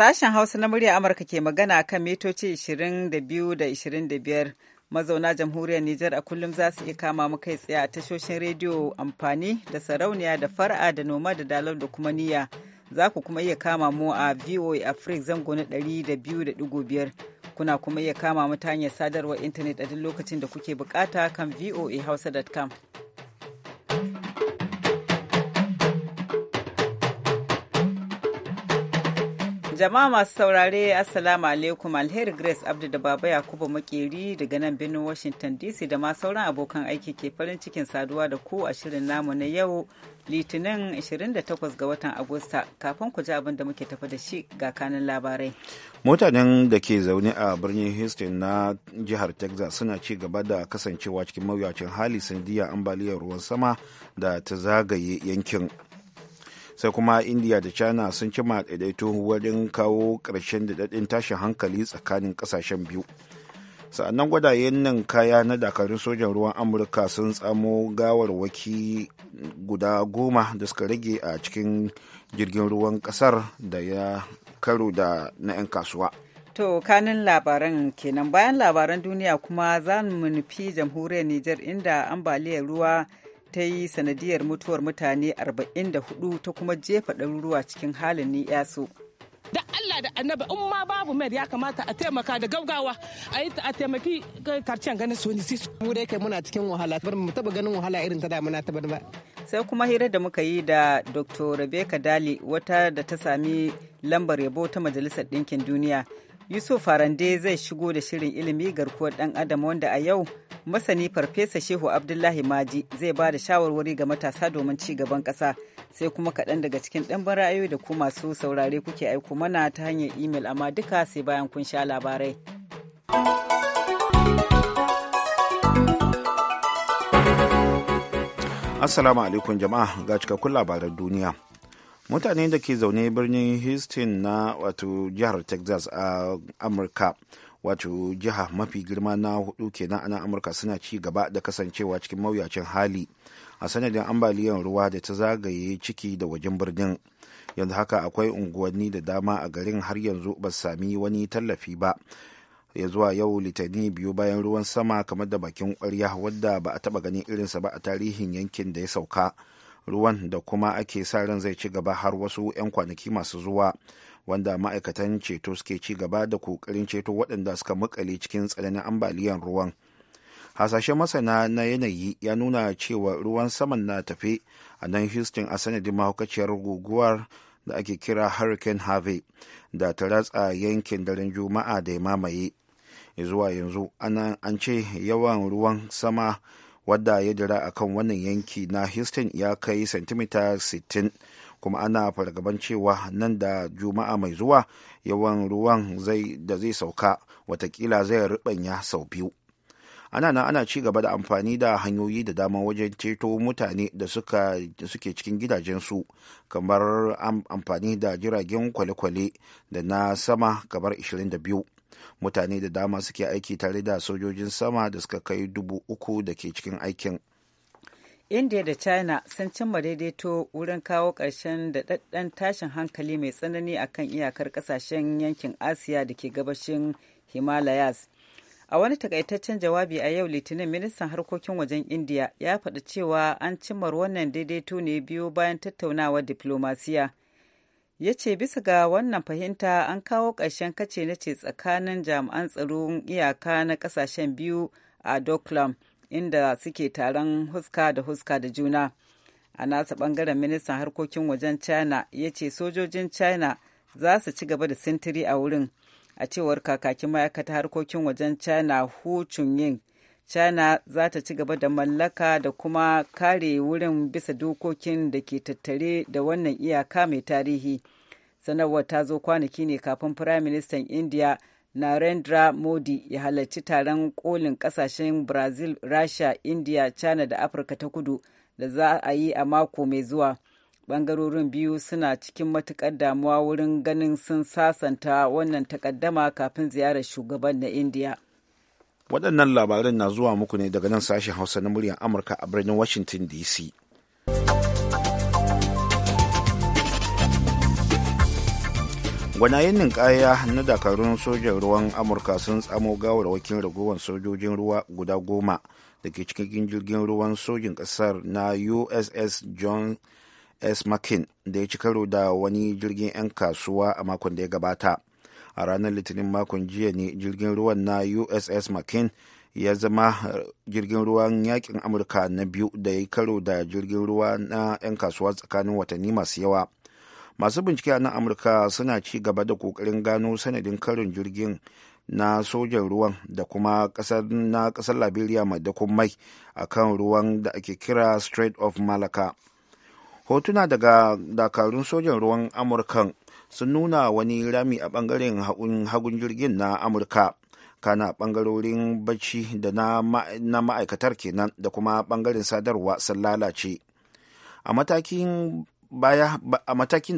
Sashen Hausa na murya Amurka ke magana kan mitoci 22 da 25 mazauna jamhuriyar Nijar a kullum za su iya kama mu kai tsaye a tashoshin rediyo amfani da sarauniya da fara da noma da dalar da kuma niyya. Za ku kuma iya kama mu a VOA Africa zango na 200.5 kuna kuma iya kama mu hanyar sadarwar intanet a duk lokacin da kuke bukata kan voahausa.com. Jama'a masu saurare Assalamu alaikum Alheri Grace Abdu da Baba Yakubu Makeri daga nan birnin Washington DC da ma sauran abokan aiki ke farin cikin saduwa da ku a shirin namu na yau Litinin 28 ga watan Agusta kafin ku ji abin da muke tafi da shi ga kanin labarai. Mutanen da ke zaune a birnin Houston na jihar Texas suna ci gaba da kasancewa cikin mawuyacin hali sanadiyar ambaliyar ruwan sama da ta zagaye yankin. sai kuma india da china sun cima daidaito wajen kawo ƙarshen daɗaɗɗen tashin hankali tsakanin ƙasashen biyu sa'annan gwadayen nan kaya na dakarun sojan ruwan amurka sun tsamo gawarwaki guda goma da suka rage a cikin jirgin ruwan ƙasar da ya karo da na 'yan kasuwa to kanin labaran kenan bayan labaran duniya kuma za mu nufi jamhuriyar niger inda ambaliyar ruwa ta yi sanadiyar mutuwar mutane 44 ta kuma jefa ɗaruruwa cikin halin ni yaso. da Allah da annaba in ma babu mai ya kamata a taimaka da gaugawa a yi a taimaki karciyar ganin soni sisu. Mu da yake muna cikin wahala bar mu taba ganin wahala irin ta da muna taba ba. Sai kuma hira da muka yi da Dr. Rebecca Dali wata da ta sami lambar yabo ta Majalisar Ɗinkin Duniya. Yusuf Farande zai shigo da shirin ilimi garkuwar dan adam wanda a yau masani farfesa Shehu Abdullahi Maji zai ba da shawarwari ga matasa domin ci gaban kasa sai kuma kaɗan daga cikin ɗanbin ra'ayoyi da ku masu saurare kuke aiko mana ta hanyar imel amma duka sai bayan kun sha labarai. Assalamu alaikum jama'a ga cikakkun labaran duniya. mutane da ke zaune birnin houston na wato jihar texas a amurka wato jiha mafi girma na hudu kenan ana amurka suna ci gaba da kasancewa cikin mawuyacin hali a sanadin ambaliyar ruwa da ta zagaye ciki da wajen birnin yanzu haka akwai unguwanni da dama a garin har yanzu ba sami wani tallafi ba ya zuwa yau litani biyu bayan ruwan sama kamar da bakin kwarya wadda ba a taba ganin irinsa ba a tarihin yankin da ya sauka ruwan da kuma ake sa ran zai ci gaba har wasu 'yan kwanaki masu zuwa wanda ma'aikatan ceto suke ci gaba da kokarin ceto waɗanda suka makale cikin tsananin ambaliyar ruwan hasashen masana na yanayi ya nuna cewa ruwan saman na tafe a nan houston a sanadin mahaukaciyar guguwar da ake kira hurricane harvey da ta ratsa yankin daren juma'a da ya mamaye zuwa yanzu an ce yawan ruwan sama wadda ya jira a kan wannan yanki na houston ya kai santimita 60 kuma ana fargaban cewa nan da juma'a mai zuwa yawan ruwan da zai sauka watakila zai ribanya sau biyu ana nan ana ci gaba da amfani da hanyoyi da dama wajen ceto mutane da suke cikin gidajensu kamar amfani da jiragen kwale-kwale da na sama kamar 22 mutane da dama suke aiki tare da sojojin sama da suka kai dubu uku da ke cikin aikin india da china sun cimma daidaito wurin kawo ƙarshen daɗaɗɗen tashin hankali mai tsanani akan iyakar ƙasashen yankin asiya da ke gabashin himalayas a wani takaitaccen jawabi a yau litinin ministan harkokin wajen india ya faɗi cewa an cimma wannan daidaito ne biyu bayan tattaunawar diplomasiya ya ce bisa ga wannan fahimta an kawo ƙarshen kace na ce tsakanin jami'an tsaron iyaka na ƙasashen biyu a doklam inda suke taron huska da huska da juna a nasa ɓangaren ministan harkokin wajen china ya ce sojojin china za su ci gaba da sintiri a wurin a cewar kakakin ma'aikata harkokin wajen china hu chunying china za ta ci gaba da mallaka da kuma kare wurin bisa dokokin da ke tattare da wannan iyaka mai tarihi sanarwar ta zo kwanaki ne kafin firayim ministan india narendra modi ya halarci taron kolin kasashen brazil rasha india china da afirka ta kudu da za a yi a mako mai zuwa bangarorin biyu suna cikin matukar damuwa wurin ganin sun sasanta wannan takaddama kafin ziyarar shugaban na india waɗannan labaran na zuwa muku ne daga nan sashen hausa na muryar amurka a birnin washington dc gwanayen ninkaya na dakarun sojan ruwan amurka sun tsamo gawar gawarwakin ragowar sojojin ruwa guda goma da ke cikin jirgin ruwan sojin ƙasar na uss john s mckin da ya ci karo da wani jirgin 'yan kasuwa a makon da ya gabata a ranar litinin makon jiya ne jirgin ruwan na uss mccain ya zama eh, jirgin ruwan yakin amurka na biyu da ya karo da jirgin ruwa na 'yan kasuwa tsakanin watanni masu yawa masu bincike na amurka suna ci gaba da kokarin gano sanadin karin jirgin na sojan ruwan da kuma kasar na kasar liberia mai dakon mai a kan ruwan da ake kira strait of malaka hotuna daga dakarun sojan ruwan amurkan sun nuna wani rami a ɓangaren hagun jirgin na amurka kana ɓangarorin bacci da na ma'aikatar kenan da kuma ɓangaren sadarwa sun lalace a matakin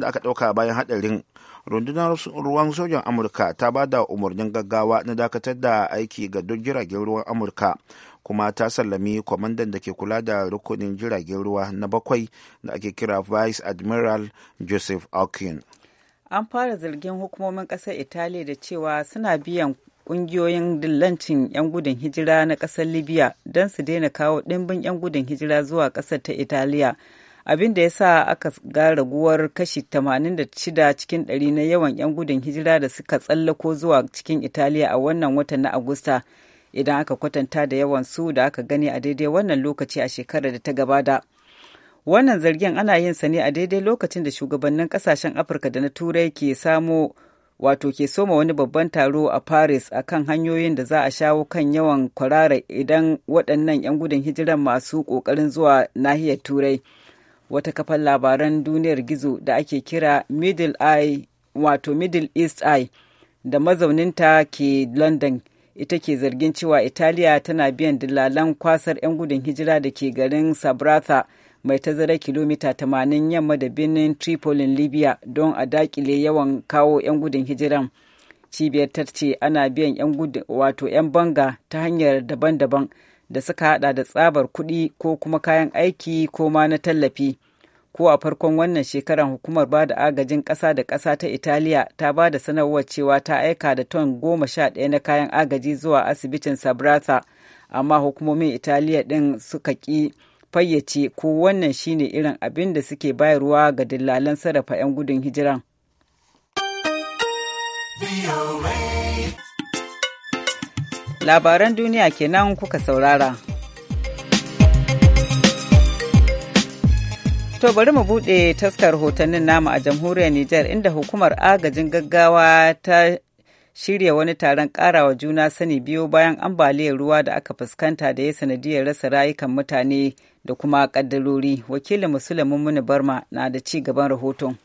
da aka ɗauka bayan haɗarin rundunar ruwan sojan amurka ta ba da umarnin gaggawa na dakatar da aiki ga duk jiragen ruwan amurka kuma ta sallami kwamandan da ke kula da rukunin jiragen ruwa na bakwai da ake kira vice admiral joseph aukin an fara zargin hukumomin ƙasar italiya da cewa suna biyan ƙungiyoyin dillancin 'yan gudun hijira na ƙasar libya don su daina kawo ɗimbin 'yan gudun hijira zuwa ƙasar ta italiya abin da ya sa aka ga raguwar kashi 86 cikin 100 na yawan 'yan gudun hijira da suka tsallako zuwa cikin italiya a wannan watan na agusta idan aka kwatanta da yawan su da aka gani a daidai wannan lokaci a shekarar da ta gabata Wannan zargin ana yin sa ne a daidai lokacin da shugabannin kasashen Afirka da na Turai ke samo wato ke soma wani babban taro a Paris a kan hanyoyin da za a shawo kan yawan kwarara idan waɗannan 'yan gudun hijiran masu ƙoƙarin zuwa nahiyar Turai. Wata kafar labaran duniyar gizo da ake kira Middle Eye wato Middle East Eye da mazauninta ke London ita ke zargin cewa Italiya tana biyan dillalan kwasar 'yan gudun hijira da ke garin Sabratha mai tazarar kilomita 80 yamma da birnin tripolin libya don a dakile yawan kawo 'yan gudun hijiran cibiyar ta ce ana biyan 'yan gudun wato 'yan banga ta hanyar daban-daban da suka hada da tsabar kuɗi ko kuma kayan aiki ko ma na tallafi ko a farkon wannan shekarar hukumar ba da agajin ƙasa da ƙasa ta italiya ta ba da sanarwar cewa ta aika da ton goma sha ɗaya na kayan agaji zuwa asibitin sabrata amma hukumomin italiya ɗin suka ƙi fayyace ko wannan shine irin abin da suke bayarwa ga dillalan sarrafa 'yan gudun hijiran. Labaran duniya kenan kuka saurara. To bari mu buɗe taskar hotonnin namu a jamhuriyar Nijar inda hukumar agajin gaggawa ta shirya wani taron ƙarawa juna sani biyo bayan ambaliyar ruwa da aka fuskanta da ya sanadiyar rasa rayukan mutane da kuma kaddarori wakilin musulmin muni barma na da ci gaban rahoton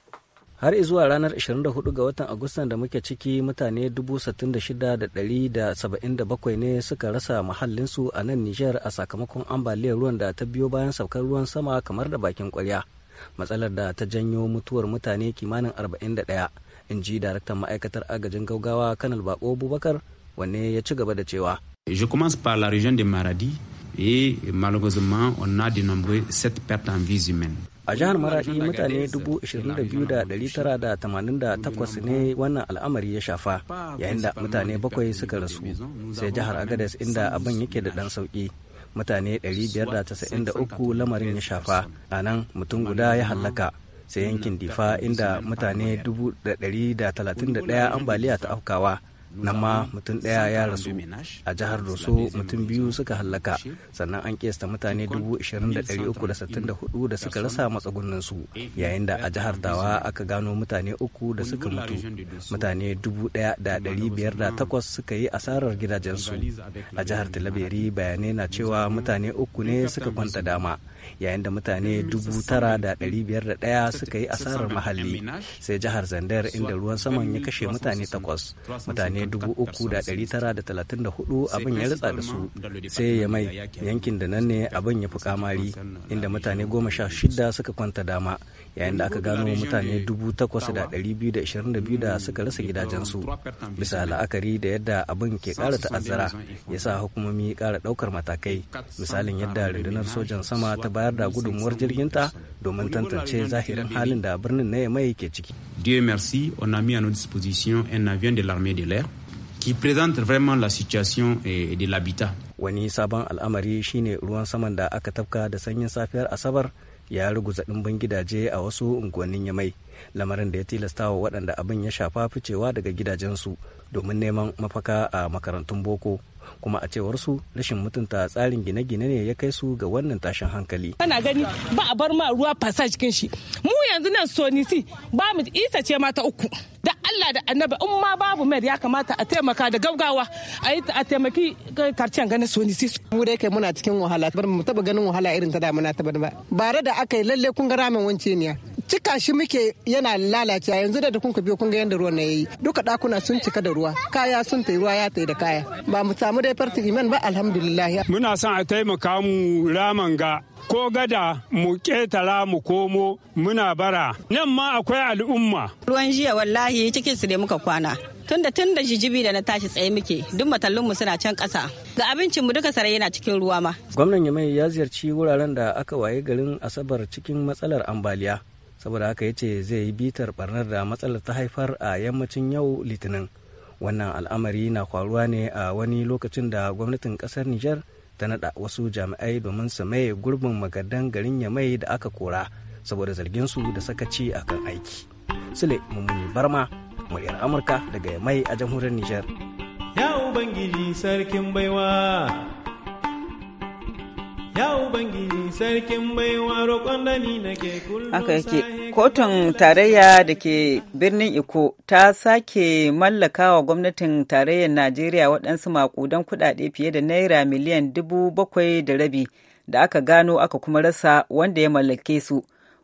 har zuwa ranar 24 ga watan agustan da muke ciki mutane 66,177 ne suka rasa mahallinsu a nan nijar a sakamakon ambaliyar ruwan da ta biyo bayan saukar ruwan sama kamar da bakin kwarya matsalar da ta janyo mutuwar mutane kimanin 41 in ji daraktan ma'aikatar agajin gaugawa kanal bako bubakar wanne ya ci gaba da cewa je commence par la région de maradi et malheureusement on a dénombré sept pertes en vies humaines. a jihar maradi mutane 22,988 ne wannan al'amari ya shafa yayin da mutane bakwai suka rasu sai jihar agadez inda abin yake da dan sauki mutane 593 lamarin ya shafa a nan mutum guda ya hallaka sai yankin difa inda mutane 131 ambaliya ta afkawa nan ma mutum ɗaya ya rasu a jihar doso mutum biyu suka hallaka sannan an kiyasta mutane 20,364 da suka rasa su yayin da a jihar dawa aka gano mutane uku da suka mutu mutane 1,508 suka yi asarar gidajensu a jihar talabiri bayanai na cewa mutane uku ne suka kwanta dama yayin da mutane dubu tara da ɗari biyar da ɗaya suka yi asarar mahalli sai jihar zandar inda ruwan saman ya kashe mutane takwas mutane dubu uku da ɗari tara da talatin da hudu abin ya ritsa da su sai ya mai yankin da nan ne abin ya fi kamari inda mutane goma sha shida suka kwanta dama yayin da aka gano mutane 8,222 da suka rasa gidajensu bisa la'akari da yadda abin ke kara ta'azzara ya sa hukumomi ƙara ɗaukar matakai misalin yadda rundunar sojan sama ta bayar da gudunmuwar jirginta domin tantance zahirin halin da birnin na yamai ke ciki. Dieu merci, on a mis disposition un avion de l'armée de l'air qui présente vraiment la situation eh, de l'habitat. Wani sabon al'amari shine ruwan saman da aka tafka da sanyin safiyar Asabar ya ruguza ɗimbin gidaje a wasu unguwannin yamai lamarin da ya tilasta wa waɗanda abin ya shafa ficewa daga gidajensu domin neman mafaka a makarantun boko kuma a cewar su rashin mutunta tsarin gine-gine ne ya kai su ga wannan tashin hankali. Kana gani ba a bar ma ruwa fasa cikin shi. Mu yanzu nan sonisi ba mu isa ce mata uku. Da Allah da annaba in ma babu mayar ya kamata a taimaka da gaugawa a taimaki karcen ganin sonisi. Mu dai kai muna cikin wahala bar mu taba ganin wahala irin ta damuna ta ba. Bare da aka yi lalle kun ga ramin wance ne. cika shi muke yana lalacewa yanzu da kun biyo kun ga yadda ruwan na yayi duka dakuna sun cika da ruwa kaya sun tai ruwa ya tai da kaya ba mu samu dai farti iman ba alhamdulillah muna son a taimaka mu raman ga ko gada mu ƙetara mu komo muna bara nan ma akwai al'umma ruwan jiya wallahi cikin su ne muka kwana tunda tun da jijibi da na tashi tsaye muke duk matallinmu suna can kasa ga abincin mu duka sarai yana cikin ruwa ma gwamnan yamai ya ziyarci wuraren da aka waye garin asabar cikin matsalar ambaliya saboda haka ya ce zai yi bitar barnar da matsalar ta haifar a yammacin yau litinin wannan al'amari na kwaruwa ne a wani lokacin da gwamnatin kasar niger ta naɗa wasu jami'ai domin su maye gurbin magadan garin yamai da aka kora saboda zarginsu da sakaci a kan aiki sule mummuni barma muryar amurka daga yamai a jamhuriyar niger ya ubangiji sarkin baiwa Ya yake, kotun tarayya da ke birnin Iko ta sake mallaka wa gwamnatin tarayyar Najeriya waɗansu maƙudan kuɗaɗe fiye da naira miliyan dubu bakwai da rabi da aka gano aka kuma rasa wanda ya mallake su.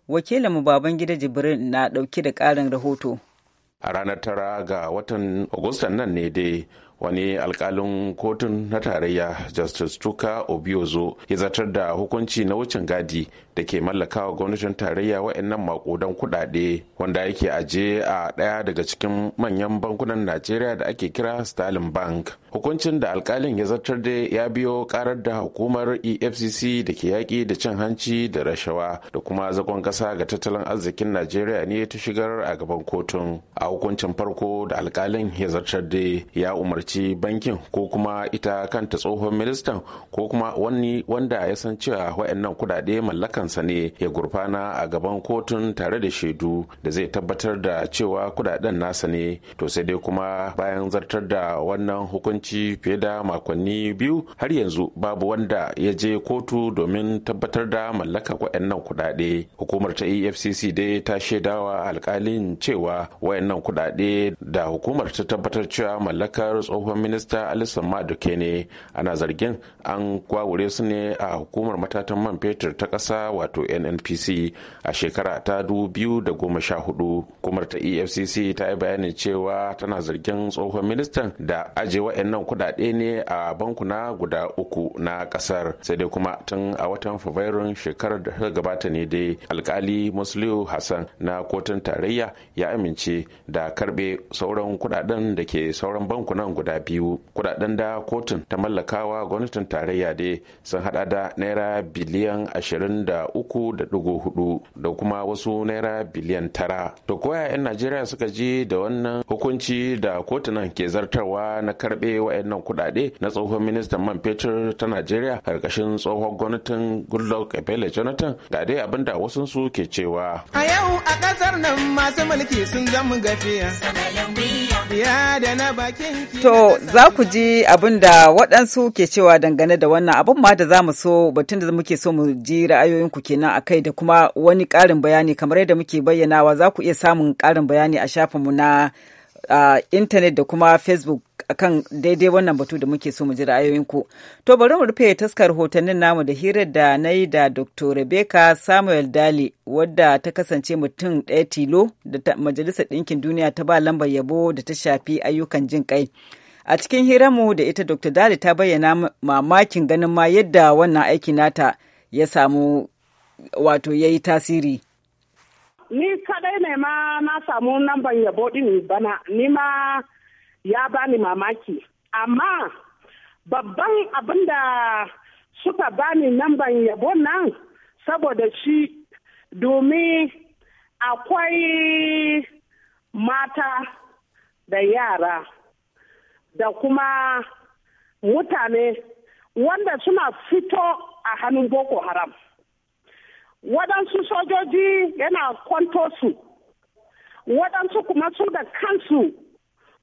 Wakilinmu gida Jibrin na ɗauke da ƙarin rahoto. a ranar tara ga watan agustan nan ne dai wani alkalin kotun na tarayya justice tuka obiozo ya zartar da hukunci na wucin gadi da ke mallakawa gwamnatin tarayya wa'annan makudan kudade wanda yake aje a ɗaya daga cikin manyan bankunan najeriya da ake kira stalin bank hukuncin da alkalin ya zartar da ya biyo karar da hukumar efcc da ke yaƙi da cin hanci da rashawa da kuma zagon ƙasa ga tattalin arzikin najeriya ne ta shigar a gaban kotun a hukuncin farko da alkalin ya zartar da ya umarci umarci bankin ko kuma ita kanta tsohon ministan ko kuma wani wanda ya san cewa waɗannan kudade mallakansa ne ya gurfana a gaban kotun tare da shaidu da zai tabbatar da cewa kudaden nasa ne to sai dai kuma bayan zartar da wannan hukunci fiye da makonni biyu har yanzu babu wanda ya je kotu domin tabbatar da mallakar waɗannan kudade hukumar ta efcc dai ta shaidawa alkalin cewa wayannan kudade da hukumar ta tabbatar cewa mallakar tsohon minista Alisson maduke ne ana zargin an kwawure su ne a hukumar matatan man fetur ta ƙasa wato nnpc a shekara ta da goma sha hudu hukumar ta efcc ta yi bayanin cewa tana zargin tsohon ministan da aje wa'annan kudade ne a bankuna guda uku na ƙasar sai dai kuma tun a watan fabrairun shekarar da ta gabata ne dai alkali musliu hassan na kotun tarayya ya amince da karbe sauran kudaden da ke sauran bankunan guda guda biyu kudaden da kotun ta mallakawa gwamnatin tarayya dai sun hada da naira biliyan ashirin da da kuma wasu naira biliyan tara to koya 'yan najeriya suka ji da wannan hukunci da kotunan ke zartarwa na karbe wayannan kudade na tsohon ministan man fetur ta najeriya karkashin tsohon gwamnatin goodluck ebele jonathan ga dai abinda wasu su ke cewa a yau a kasar nan masu mulki sun zama gafiya. To za ku ji abin da waɗansu ke cewa dangane da wannan abin ma da za mu so batun da muke so mu ji ra'ayoyinku kenan a kai da kuma wani ƙarin bayani kamar yadda muke bayyanawa za ku iya samun ƙarin bayani a shafinmu na a intanet da kuma facebook akan daidai wannan batu da muke so mu ji ra'ayoyinku. To bari mu rufe taskar hotonnin namu da hirar da na yi da Dr. Rebecca Samuel Dali wadda ta kasance mutum ɗaya tilo da Majalisar Ɗinkin Duniya ta ba lambar yabo da ta shafi ayyukan jin kai. A cikin hiranmu da ita Dr. Dali ta bayyana mamakin ganin ma yadda wannan aiki nata ya samu wato ya yi tasiri. Ni kai ne ma na samu namban yabo din bana ni ma ya bani mamaki amma babban abin da suka bani namban yabo nan saboda shi domin akwai mata da yara da kuma mutane wanda suna fito a hannun boko haram waɗansu sojoji yana kwanto su waɗansu kuma su da kansu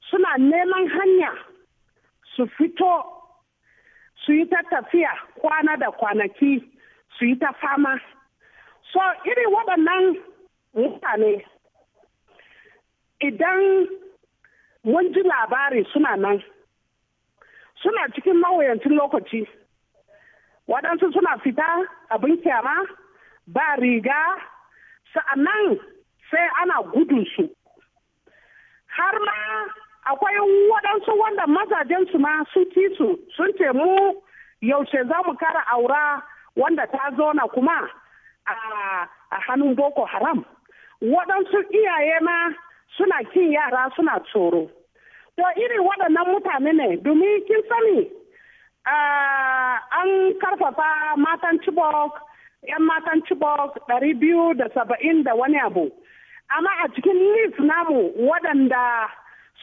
suna neman hanya su fito su yi ta tafiya kwana da kwanaki su yi ta fama so iri waɗannan mutane idan mun ji labari suna nan suna cikin mawuyancin lokaci waɗansu suna fita abin kyama ba riga sa'annan sai ana gudunsu. su har ma akwai waɗansu wanda mazajensu ma su ci su sun ce mu yaushe za mu kara aura wanda ta zona kuma a hannun boko haram waɗansu iyaye ma suna kin yara suna tsoro to iri waɗannan mutane ne domin kin sani an karfafa matan chibok 'yan matan chibok ɗari biyu da saba'in da wani abu amma a cikin list namu waɗanda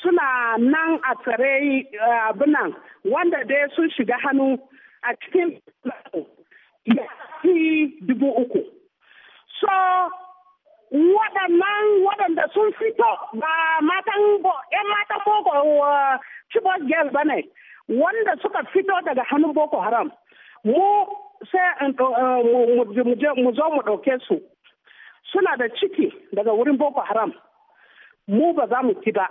suna nan a tsare eh, abinan wanda dai sun shiga hannu a cikin ya fi dubu uku so waɗannan waɗanda sun fito ba matan yan matan boko eh, Chibos Girls ba ne wanda suka fito daga hannun boko haram mu sai eh, mu zo mu ɗauke su suna da ciki daga wurin boko haram mu ba za mu ki ba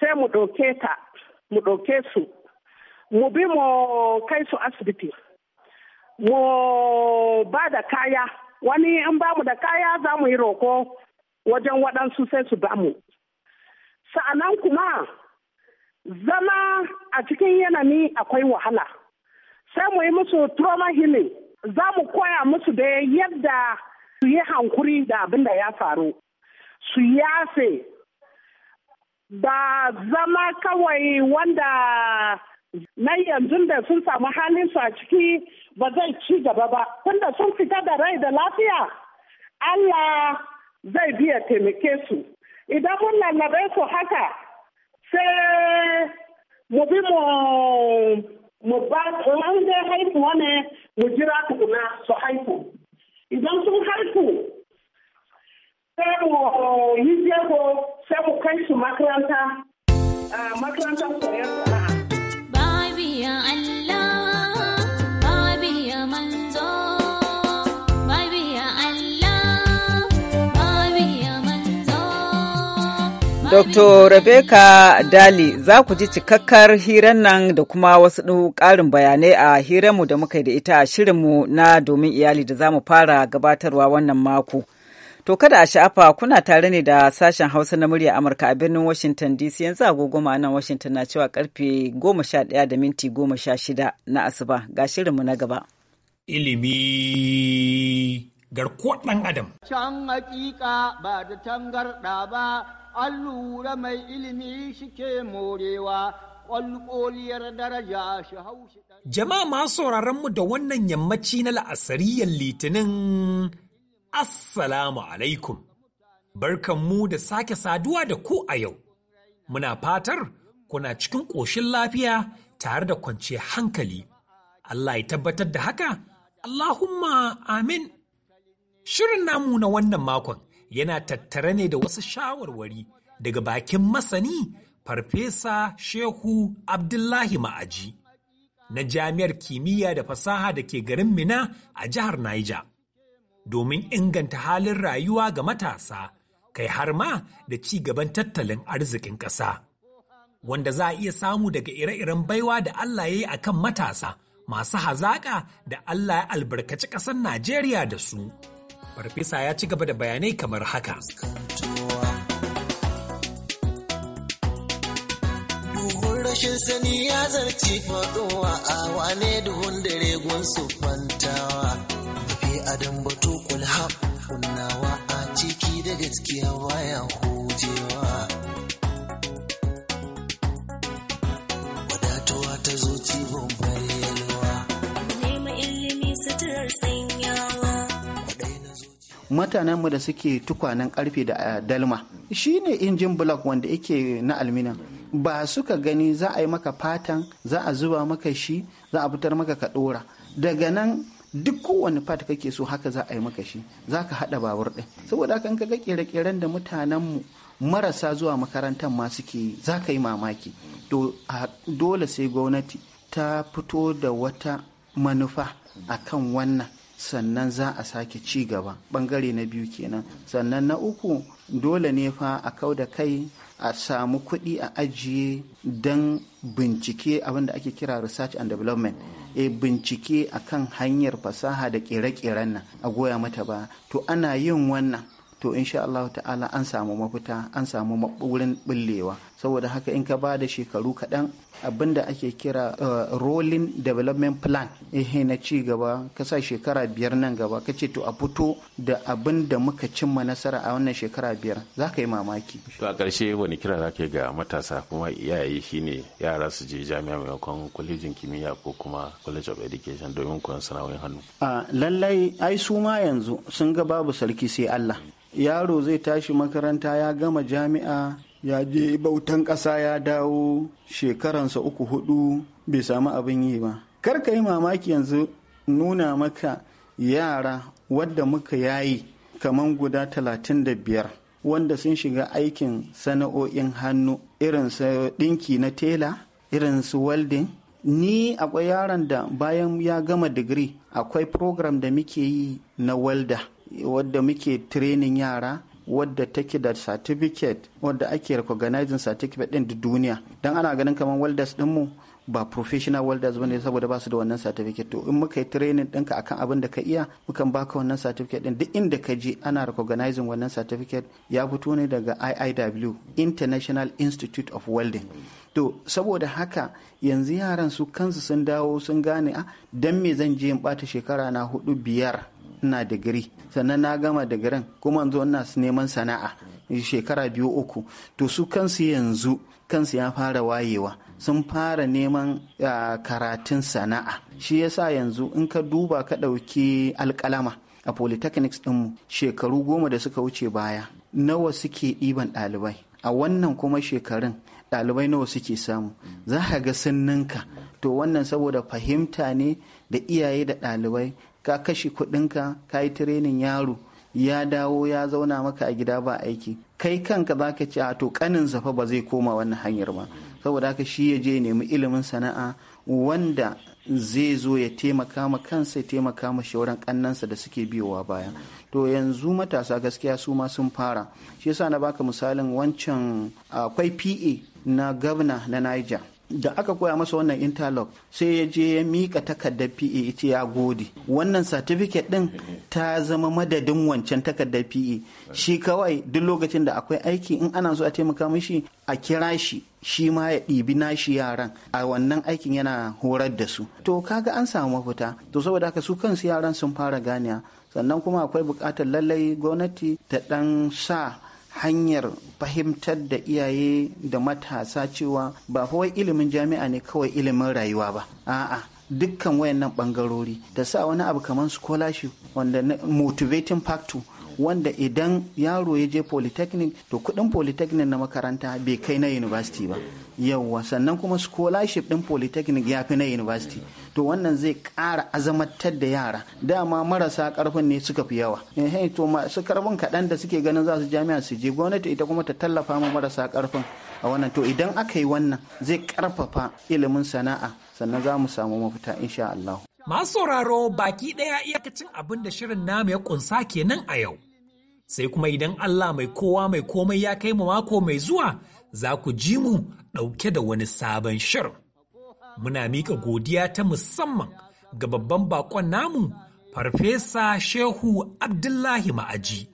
sai mu ɗauke ta mu ɗauke su mu bi mu kai su asibiti mu ba da kaya wani in ba mu da kaya za mu yi roko wajen waɗansu sai su ba mu sa'anan kuma zama a cikin yanayi akwai wahala sai mu yi musu trauma healing za mu koya musu da yadda su yi hankuri da abin da ya faru su yafe ba zama kawai wanda na yanzu da sun samu halin su a ciki ba zai ci gaba ba tunda sun fita da rai da lafiya Allah zai biya taimake su idan mun lallabe su haka sai mu bi mu ba in haihuwa ne mu jira tukuna su haihu idan sun haiku sai mu yi jego sai mu kai su makaranta makarantar koyarwa Dr. Rebecca Daly za ku ji cikakkar hirar nan da kuma wasu ƙarin bayanai a hirarmu da muka yi da ita a shirinmu na domin iyali da za mu fara gabatarwa wannan mako. To kada a sha'afa kuna tare ne da sashen Hausa na murya Amurka a birnin Washington DC yanzu agogo nan Washington na cewa karfe 11 da minti 16 na asuba ga shirinmu na gaba. Ilimi garkuwar ɗan Adam. Can hakika ba da tangarɗa ba an lura mai ilimi shi ke morewa ƙwalƙoliyar daraja shi hau shi Jama'a masu sauraron mu da wannan yammaci na la'asariyar litinin Assalamu alaikum. mu da sake saduwa da ku a yau. Muna fatar kuna cikin ƙoshin lafiya tare da kwance hankali. Allah ya tabbatar da haka, Allahumma amin. Shirin namu na wannan makon yana tattare ne da wasu shawarwari daga bakin masani Farfesa Shehu Abdullahi Ma'aji na Jami'ar Kimiyya da Fasaha da ke garin Mina a jihar Niger domin inganta halin rayuwa ga matasa kai har ma da ci gaban tattalin arzikin ƙasa. Wanda za a iya samu daga ire-iren baiwa da Allah ya yi a kan matasa masu hazaƙa da Allah ya albarkaci ƙasar Najeriya da su. Farfesa ya ci gaba da bayanai kamar haka. rashin sani ya zarci faɗowa a wane duhun dare gunsu su fantawa. Mafi adam batu mutanenmu da suke tukwanen karfe da eh, dalma shine injin block wanda yake na alminan ba suka gani za a yi maka fatan za a zuba maka shi za a fitar maka ka dora daga nan duk kowane fata kake so haka za a yi maka shi za ka haɗa babur ɗin saboda haka ka ga kere-keren da mutanenmu marasa zuwa makarantar ma suke za ka yi mamaki dole sai gwamnati ta fito da wata manufa akan wannan sannan za a sake ci gaba bangare na biyu kenan sannan na uku dole ne fa a kau da kai a samu kuɗi a ajiye don bincike abin da ake kira research and development e bincike kan hanyar fasaha da ƙere-ƙeren nan a goya mata ba to ana yin wannan to insha Allah ta'ala an samu mafita an samu wurin bullewa saboda haka in ka ba da shekaru kaɗan abin da ake kira uh, rolling development plan ehe na ci gaba ka sa shekara biyar nan gaba ka ce to a fito da abin da muka cimma nasara a wannan shekara biyar za ka yi mamaki to a ƙarshe wani kira za ka yi ga matasa kuma iyaye shine yara su je jami'a maimakon kwalejin kimiyya ko kuma college of education domin koyon sana'o'in hannu lallai ai su ma yanzu sun ga babu sarki sai Allah yaro zai tashi makaranta ya gama jami'a ya je bautan ƙasa ya dawo shekaransa uku hudu bai samu abin yi ba kar ka yi mamaki yanzu nuna maka yara wadda muka yayi kaman guda talatin da biyar wanda sun shiga aikin sana'o'in hannu irin su ɗinki na tela irin su welding ni akwai yaron da bayan ya gama digiri akwai program da muke yi na welda wadda muke training yara wadda take da certificate wadda ake recognizing certificate din duniya dan ana ganin kamar welders din mu ba professional welders bane saboda ba su da wannan certificate to in muka yi training ka akan abin da ka iya mukan baka wannan certificate din duk inda ka je ana recognizing wannan certificate ya fito ne daga IIW International Institute of Welding to saboda haka yanzu yaran su kansu sun dawo sun gane a ah, dan me zan je in bata shekara na hudu biyar ina digiri sannan na gama digirin kuma yanzu ina neman sana'a shekara biyu uku to su kansu yanzu kansu ya fara wayewa sun fara neman ah, karatun sana'a shi yasa yanzu in ka duba ka ɗauki alƙalama a polytechnics ɗinmu shekaru goma da suka wuce baya nawa suke ɗiban ɗalibai a wannan kuma shekarun ɗalibai nawa suke samu za ka ga sun ninka to wannan saboda fahimta ne da iyaye da ɗalibai ka kashe kuɗinka ka yi tirenin yaro ya dawo ya zauna maka a gida ba aiki kai kanka za ka ci a to kanin zafa ba zai koma wannan hanyar ba saboda haka shi ya je nemi ilimin sana'a wanda zai zo ya taimaka ma kansa ya taimaka ma shauran kannansa da suke biyowa baya to yanzu matasa gaskiya su ma sun fara shi yasa na baka misalin wancan akwai pa na gwamna na niger da aka koya masa wannan interlock sai ya je ya mika takardar PE ita ya gode wannan certificate din ta zama madadin wancan takardar PE shi kawai duk lokacin da akwai aiki in ana so a taimaka mishi a kira shi shi ma ya ɗibi nashi yaran a wannan aikin yana horar da su to kaga an samu mafita to saboda haka su kansu yaran sun fara ganiya sannan kuma akwai buƙatar lallai gwamnati ta ɗan sa hanyar fahimtar da iyaye da matasa cewa ba kawai ilimin jami'a ne kawai ilimin rayuwa ba a'a dukkan wayannan bangarori da sa wani abu kamar scholarship wanda motivating factor wanda idan yaro ya je polytechnic to kudin polytechnic na makaranta bai kai na university ba yawwa sannan kuma scholarship din polytechnic ya fi na university to wannan zai ƙara azamatar da yara dama marasa karfin ne suka fi yawa eh to masu karfin kaɗan da suke ganin za su jami'a su je gwamnati ita kuma ta tallafa ma marasa karfin a wannan to idan aka yi wannan zai karfafa ilimin sana'a sannan za mu samu mafita insha Allah. Masu sauraro baki ɗaya iyakacin abin da shirin namu ya kunsa kenan a yau. Sai kuma idan Allah mai kowa mai komai ya kai mu mako mai zuwa za ku ji mu ɗauke da wani sabon shirin. Muna miƙa godiya ta musamman ga babban bakon namu Farfesa Shehu Abdullahi Ma'aji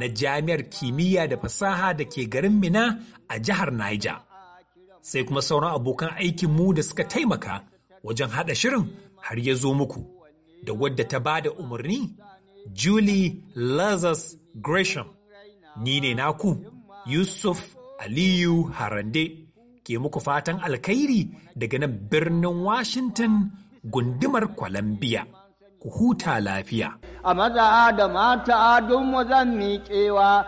na Jami'ar Kimiyya da Fasaha da ke garin Mina a jihar Niger. Sai kuma sauran abokan aikinmu da suka taimaka wajen haɗa shirin har ya zo muku da wadda ta ba da umarni Julie Lazarus Gresham. Ni ne naku Yusuf Aliyu Harande ke muku fatan alkhairi daga nan birnin Washington gundumar Columbia. Ku huta lafiya. A maza da mata don zan miƙewa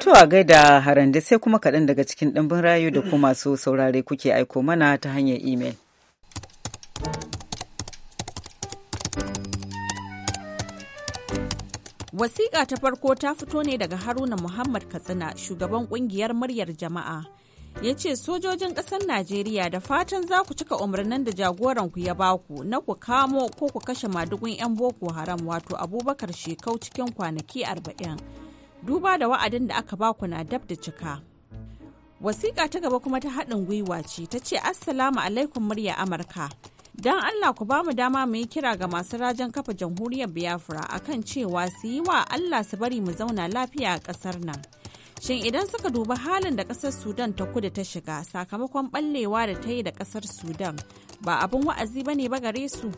To a gaida harande sai kuma kaɗan daga cikin ɗimbin rayu da kuma masu saurare kuke aiko mana ta hanyar imel. Wasiƙa ta farko ta fito ne daga Haruna Muhammad Katsina, shugaban ƙungiyar muryar jama'a. Ya ce sojojin ƙasar Najeriya da fatan za ku cika umarnin da jagoran ku ya baku na ku kamo ko ku kashe madugun 'yan Boko Haram wato Abubakar Shekau cikin kwanaki arba'in. Duba da wa'adin da aka baku na dab da cika. Wasiƙa ta gaba kuma ta haɗin gwiwa ce ta ce Assalamu alaikum murya Amurka. don Allah ku ba mu dama mu yi kira ga masu rajin kafa jamhuriyar Biafra akan cewa su yi wa Allah su bari mu zauna lafiya a ƙasar nan. Shin idan suka duba halin da ƙasar Sudan ta kudu ta shiga sakamakon ɓallewa da ta yi da ƙasar Sudan ba abin wa'azi ba ne ba gare su?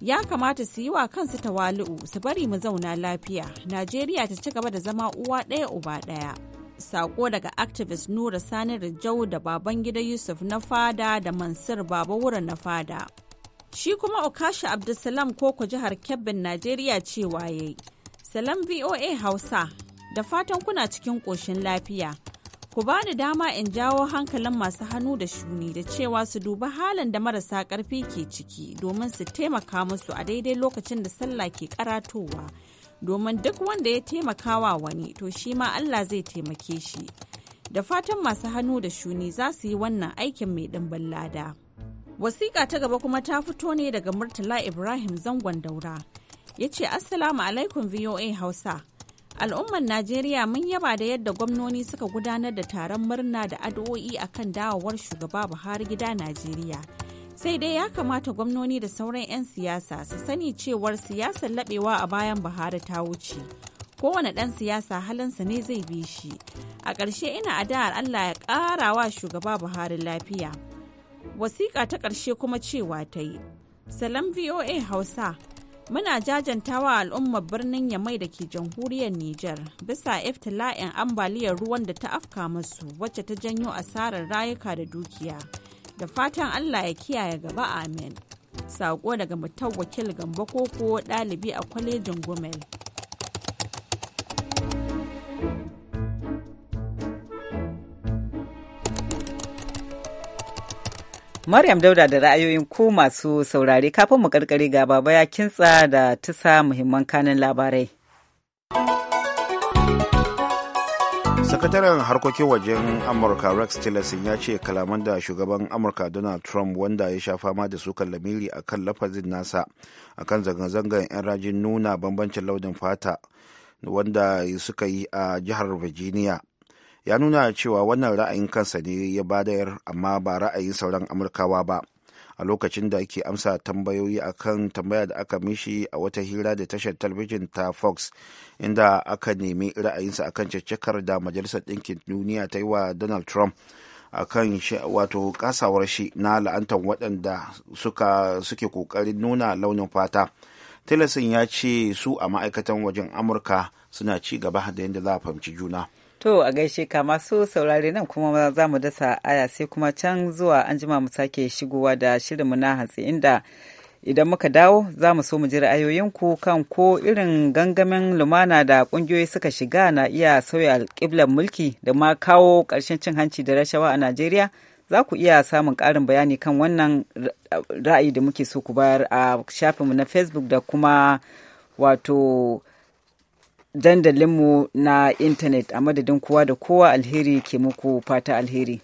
Ya kamata su yi wa kansu tawali'u su bari mu zauna lafiya. Najeriya ta ci gaba da zama uwa ɗaya uba ɗaya. sako daga activist Nura Sani Rijau da baban gida Yusuf na fada da Mansir Baba Wura na fada. Shi kuma Okasha Abdulsalam Koko jihar Kebbin Najeriya cewa yayi. Salam VOA Hausa, da fatan kuna cikin ƙoshin lafiya. Ku ba ni dama in jawo hankalin masu hannu da shuni da cewa su duba halin da marasa ƙarfi ke ciki domin su taimaka musu a daidai lokacin da sallah ke karatowa. Domin duk wanda ya taimaka wa wani to shi ma Allah zai taimake shi. Da fatan masu hannu da shuni za su yi wannan aikin mai ɗimbin lada. Wasiƙa ta gaba kuma ta fito ne daga Murtala Ibrahim zangon daura. Ya ce Assalamu alaikum VOA Hausa. Al'ummar Najeriya mun yaba da yadda gwamnoni suka gudanar da taron murna da addu'o'i akan dawowar shugaba Buhari gida Najeriya. Sai dai ya kamata gwamnoni da sauran 'yan siyasa su sani cewar siyasar laɓewa a bayan Buhari ta wuce. kowane ɗan siyasa halinsa ne zai bi shi a ƙarshe ina addu'ar allah ya ƙara wa shugaba buhari lafiya Wasiƙa ta ƙarshe kuma cewa ta yi, Salam VOA Hausa, muna jajantawa al'ummar birnin Yamai da ke jamhuriyar Nijar bisa iftila'in ambaliyar ruwan da ta afka masu wacce ta janyo asarar rayuka da dukiya. Da fatan Allah ya kiyaye gaba amin. Saƙo daga Wakil Gambo ko Koko ɗalibi a kwalejin Gumel. Maryam Dauda da ra'ayoyin ko masu saurare kafin mu karkare ga baba ya kintsa da tisa muhimman kanin labarai. sakataren harkokin wajen amurka rex tillerson ya ce kalaman da shugaban amurka donald trump wanda ya sha fama da sukan lamiri a kan lafazin nasa a kan zanga-zangar 'yan rajin nuna bambancin launin fata wanda suka yi a jihar virginia ya nuna cewa wannan ra'ayin kansa ne ya badayar amma ba ra'ayin sauran amurkawa ba a lokacin da ake amsa tambayoyi akan tambaya da aka mishi a wata hira da tashar talabijin ta fox inda aka nemi ra'ayinsa akan caccakar da majalisar ɗinkin duniya ta yi wa donald trump akan wato kasawar shi na la'antar waɗanda suka suke ƙoƙarin nuna launin fata tilasin ya ce su a ma'aikatan wajen amurka suna ci gaba da yadda za a fahimci juna To a gaishe ka masu saurare nan kuma za mu dasa aya sai kuma can zuwa an jima mu sake shigowa da shirinmu na hatsi inda idan muka dawo za mu so mu ji ra'ayoyinku kan ko irin gangamin lumana da kungiyoyi suka shiga na iya sauya alƙiblar mulki da ma kawo ƙarshen cin hanci da rashawa a Najeriya za ku iya samun ƙarin bayani kan wannan ra'ayi da muke so ku bayar a shafinmu na Facebook da kuma wato dandalinmu na intanet a madadin kowa da kowa alheri ke muku fata alheri.